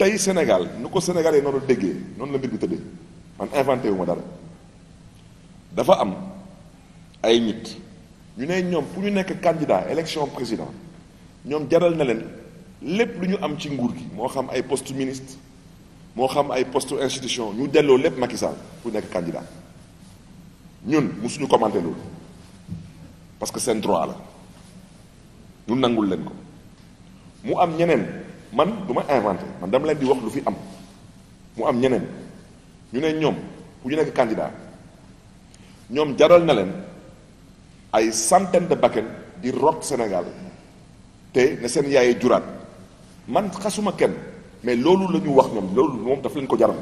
tey Sénégal nu ko Sénégal yi noonu déggee noonu la mbir bi tëddee man inventé wu ma dara dafa am ay nit ñu ne ñoom pour ñu nekk candidat élection président ñoom jaral na leen lépp lu ñu am ci nguur gi moo xam ay poste ministre moo xam ay poste institution ñu delloo lépp Macky Sall pour nekk candidat ñun musuñu commenté loolu parce que seen droit la ñu nangul leen ko mu am ñeneen man du ma inventé man dama leen di wax lu fi am mu am ñeneen ñu ne ñoom bu ñu nekk candidat ñoom jaral na leen ay centaine de bakkan di rot Sénégal te ne seen yaayee juraat man xasuma kenn mais loolu la ñu wax ñoom loolu moom daf leen ko jaral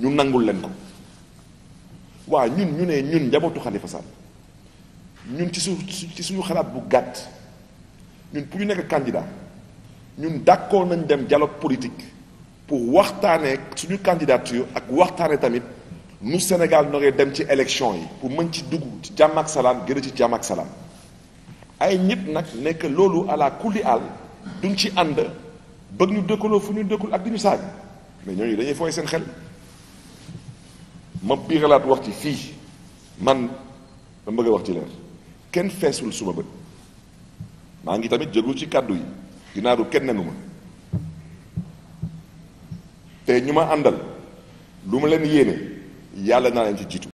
ñu nangul leen ko waa ñun ñu ne ñun njabootu Khalifa Sall ñun ci su ci suñu xalaat bu gàtt ñun pour ñu nekk candidat ñun d'accord nañ dem dialogue politique pour waxtaanee suñu candidature ak waxtaanee tamit nu Sénégal noree dem ci élection yi pour mën ci dugg ci jàmm ak salaam gën ci jàmm ak salaam ay ñit nag nekk loolu ala kulli àll duñ ci ànd bëgg ñu dëkkaloo fu ñu dëkkul ak di ñu saag mais ñooñu dañuy fooy seen xel ma biiralaat wax ci fii man dama bëgg wax ci leer kenn feesul suma bët maa ngi tamit jéglu ci kàddu yi ginaaru kenn nenu ma te ñu ma àndal lu ma leen yéene yàlla naa leen ci jiitu